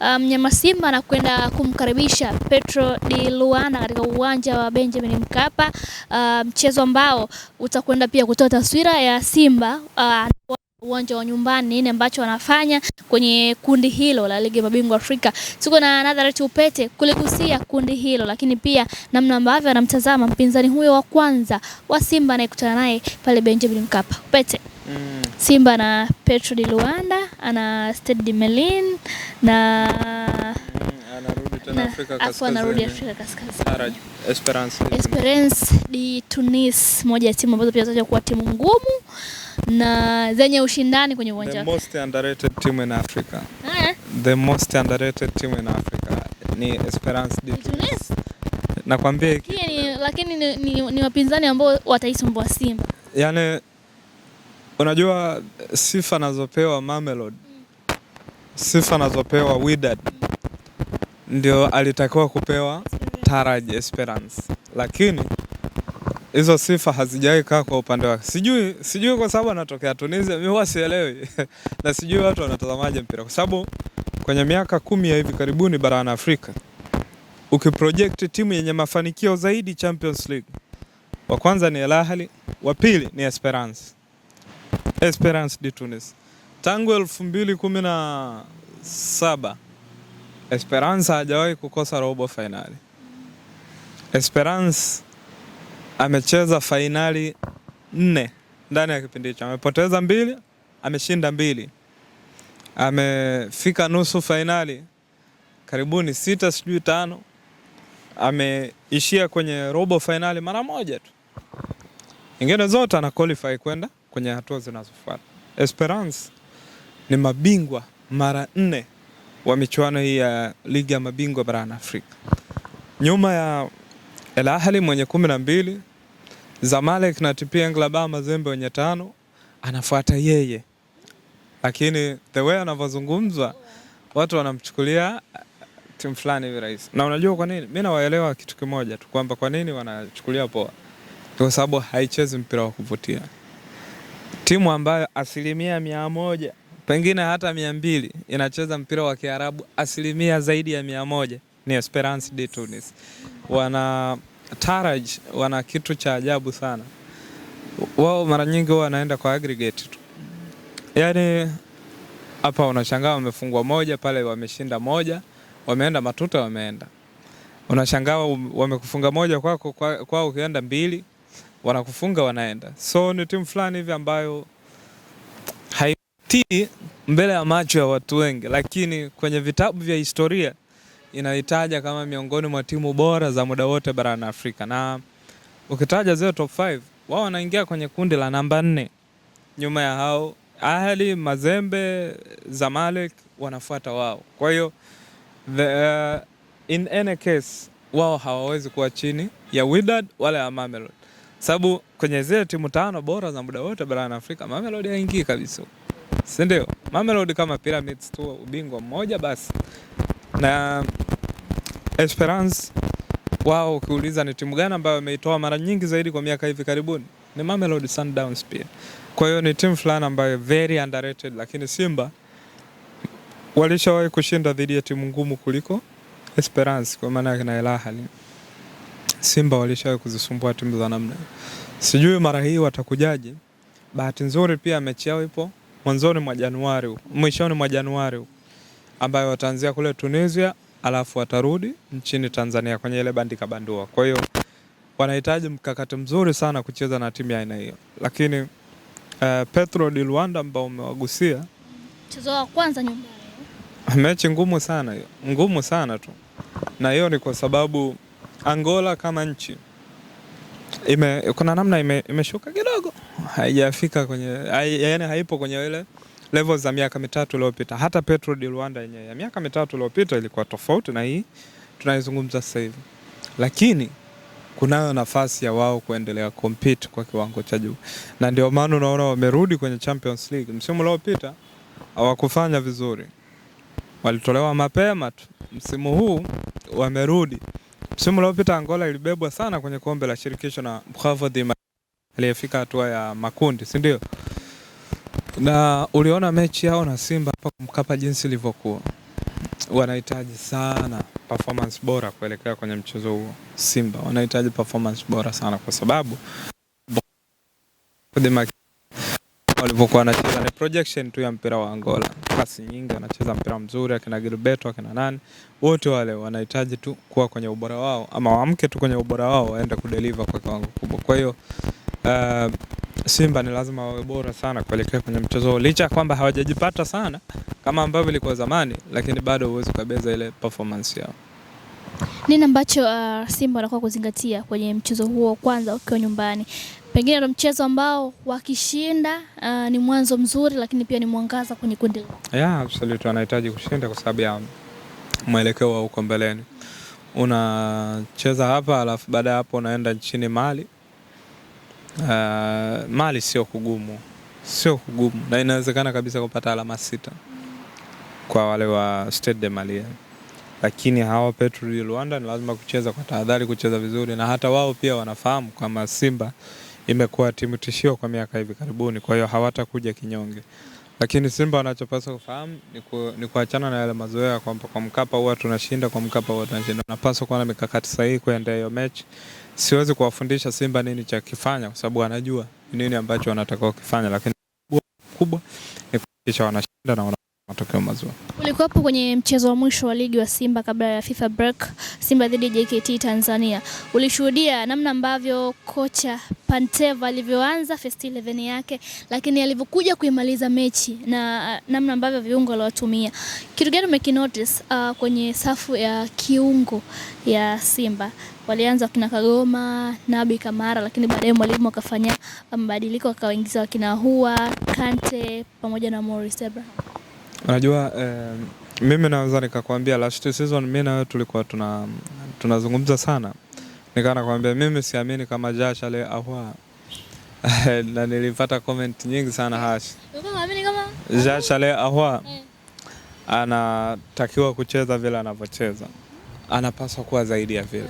Um, mnyama um, Simba anakwenda kumkaribisha Petro di Luanda katika uwanja wa Benjamin Mkapa, uh, mchezo um, ambao utakwenda pia kutoa taswira ya Simba uh, uwanja wa nyumbani, nini ambacho wanafanya kwenye kundi hilo la ligi mabingwa Afrika. Tuko na Nazareth Upete kuligusia kundi hilo, lakini pia namna ambavyo anamtazama mpinzani huyo wa kwanza wa Simba anayekutana naye pale Benjamin Mkapa. Upete, mm. Simba na Petro di Luanda ana Stade Melin na afu anarudi Afrika Kaskazini. Esperance, Esperance di Tunis, moja ya timu ambazo pia zinatajwa kuwa timu ngumu na zenye ushindani kwenye uwanja. The most underrated team in Africa. Eh? The most underrated team in Africa ni Esperance di Tunis. Nakwambia hiki lakini ni, ni, ni wapinzani ambao wataisumbua Simba. Yaani unajua sifa nazopewa Mamelodi sifa anazopewa Wydad ndio alitakiwa kupewa Taraj Esperance, lakini hizo sifa hazijawahi kaa kwa upande wake. Sijui, sijui kwa sababu anatokea Tunisia, mimi huwa sielewi na sijui watu wanatazamaje mpira, kwa sababu kwenye miaka kumi ya hivi karibuni barani Afrika ukiproject timu yenye mafanikio zaidi Champions League, wa kwanza ni Al Ahly, wa pili ni Esperance, Esperance de Tunis. Tangu elfu mbili kumi na saba Esperance hajawahi kukosa robo fainali. Esperance amecheza fainali nne ndani ya kipindi hicho, amepoteza mbili, ameshinda mbili, amefika nusu fainali karibuni sita, sijui tano, ameishia kwenye robo fainali mara moja tu, ingine zote ana qualify kwenda kwenye hatua zinazofuata Esperance ni mabingwa mara nne wa michuano hii ya ligi ya mabingwa barani Afrika, nyuma ya Al Ahly mwenye kumi na mbili, Zamalek na TP Englaba Mazembe wenye tano, anafuata yeye, lakini the way anavyozungumzwa watu wanamchukulia uh, timu fulani hivi rahisi. Na unajua kwa nini? Mimi nawaelewa kitu kimoja tu kwamba kwa nini wanachukulia poa, kwa sababu haichezi mpira wa kuvutia, timu ambayo asilimia mia moja pengine hata mia mbili inacheza mpira wa Kiarabu, asilimia zaidi ya mia moja ni Esperance de Tunis. Wana Taraj, wana kitu cha ajabu sana wao, mara nyingi huwa wanaenda kwa aggregate tu, yaani hapa unashangaa wamefungwa moja, pale wameshinda moja, wameenda matuta, wameenda unashangaa wamekufunga moja kwako, kwao kwa ukienda mbili wanakufunga, wanaenda so ni timu fulani hivi ambayo si mbele ya macho ya watu wengi, lakini kwenye vitabu vya historia inaitaja kama miongoni mwa timu bora za muda wote barani Afrika, na ukitaja zile top 5 wao wanaingia kwenye kundi la namba nne. Nyuma ya hao Ahli, Mazembe, Zamalek wanafuata wao. Kwa hiyo uh, in any case wao hawawezi kuwa chini ya Wydad wala ya Mamelodi, sababu kwenye zile timu tano bora za muda wote barani Afrika Mamelodi haingii kabisa si ndio? Mamelodi kama Pyramids tu ubingwa mmoja basi, na Esperance wao ukiuliza ni timu gani ambayo wameitoa mara nyingi zaidi kwa miaka hivi karibuni ni Mamelodi Sundowns pia. Kwa hiyo ni timu fulani ambayo very underrated, lakini Simba walishawahi kushinda dhidi ya timu ngumu kuliko Esperance kwa maana na Al Ahly. Simba walishawahi kuzisumbua timu za namna. Sijui mara hii watakujaje. Bahati nzuri pia mechi yao ipo mwanzoni mwa Januari, mwishoni mwa Januari ambayo wataanzia kule Tunisia, alafu watarudi nchini Tanzania kwenye ile bandi kabandua. Kwa hiyo wanahitaji mkakati mzuri sana kucheza na timu ya aina hiyo, lakini uh, Petro di Luanda ambao umewagusia, mchezo wa kwanza nyumbani, mechi ngumu sana hiyo, ngumu sana tu, na hiyo ni kwa sababu Angola kama nchi ime, kuna namna ime, imeshuka kidogo, haijafika kwenye hai, yani haipo kwenye ile level za miaka mitatu iliyopita. Hata Petro di Luanda yenyewe miaka mitatu iliyopita ilikuwa tofauti na hii tunaizungumza sasa hivi, lakini kunayo nafasi ya wao kuendelea compete kwa kiwango cha juu, na ndio maana unaona wamerudi kwenye Champions League. Msimu uliopita hawakufanya vizuri, walitolewa mapema tu. Msimu huu wamerudi. Msimu uliopita Angola ilibebwa sana kwenye kombe la shirikisho na Mkwavu aliyefika hatua ya makundi, si ndio? Na uliona mechi yao na Simba hapa Mkapa jinsi ilivyokuwa. Wanahitaji sana performance bora kuelekea kwenye mchezo huo. Simba wanahitaji performance bora sana kwa sababu walivyokuwa wanacheza ni projection tu ya mpira wa Angola. Pasi nyingi, anacheza mpira mzuri, akina Gilberto, akina nani, wote wale wanahitaji tu kuwa kwenye ubora wao, ama waamke tu kwenye ubora wao, waende kudeliver kwa kiwango kubwa. Kwa hiyo uh, Simba ni lazima wawe bora sana kuelekea kwenye mchezo huo, licha kwamba hawajajipata sana kama ambavyo ilikuwa zamani, lakini bado huwezi kabeza ile performance yao. Nini ambacho uh, Simba wanakuwa kuzingatia kwenye mchezo huo kwanza ukiwa nyumbani? Pengine ndo mchezo ambao wakishinda uh, ni mwanzo mzuri, lakini pia ni mwangaza kwenye kundi lao. Yeah, absolutely wanahitaji kushinda kwa sababu ya mwelekeo wa huko mbeleni. Unacheza hapa alafu baada ya hapo unaenda nchini Mali. Uh, Mali sio kugumu, sio kugumu na inawezekana kabisa kupata alama sita kwa wale wa Stade de Malien lakini hawa Petro Luanda ni lazima kucheza kwa tahadhari, kucheza vizuri, na hata wao pia wanafahamu kama Simba imekuwa timu tishio kwa miaka hivi karibuni, kwa hiyo hawatakuja kinyonge. Lakini Simba wanachopaswa kufahamu ni kuachana na yale mazoea kwamba kwa Mkapa huwa tunashinda, kwa Mkapa huwa tunashinda. Wanapaswa kuwa na mikakati sahihi kuendea hiyo mechi. Siwezi kuwafundisha Simba nini cha kifanya kwa sababu wanajua nini ambacho wanatakiwa kufanya, lakini kubwa ni kuhakikisha wanashinda na wana matokeo mazuri. Ulikuwapo kwenye mchezo wa mwisho wa ligi wa Simba kabla ya FIFA break, Simba dhidi ya JKT Tanzania. Ulishuhudia namna ambavyo kocha Panteva alivyoanza first 11 yake, lakini alivyokuja kuimaliza mechi na uh, namna ambavyo viungo aliwatumia. Kitu gani umekinotice uh, kwenye safu ya kiungo ya Simba? Walianza kina Kagoma, Nabi Kamara, lakini baadaye mwalimu akafanya mabadiliko akawaingiza wakina Hua, Kante pamoja na Morris Abraham. Unajua eh, mimi naweza nikakwambia last season mimi na wewe tulikuwa tuna tunazungumza sana. Nikaa nakwambia mimi siamini kama Josh ale ahwa. na nilipata comment nyingi sana hash. Josh ale ahwa eh. anatakiwa kucheza vile anavyocheza, anapaswa kuwa zaidi ya vile.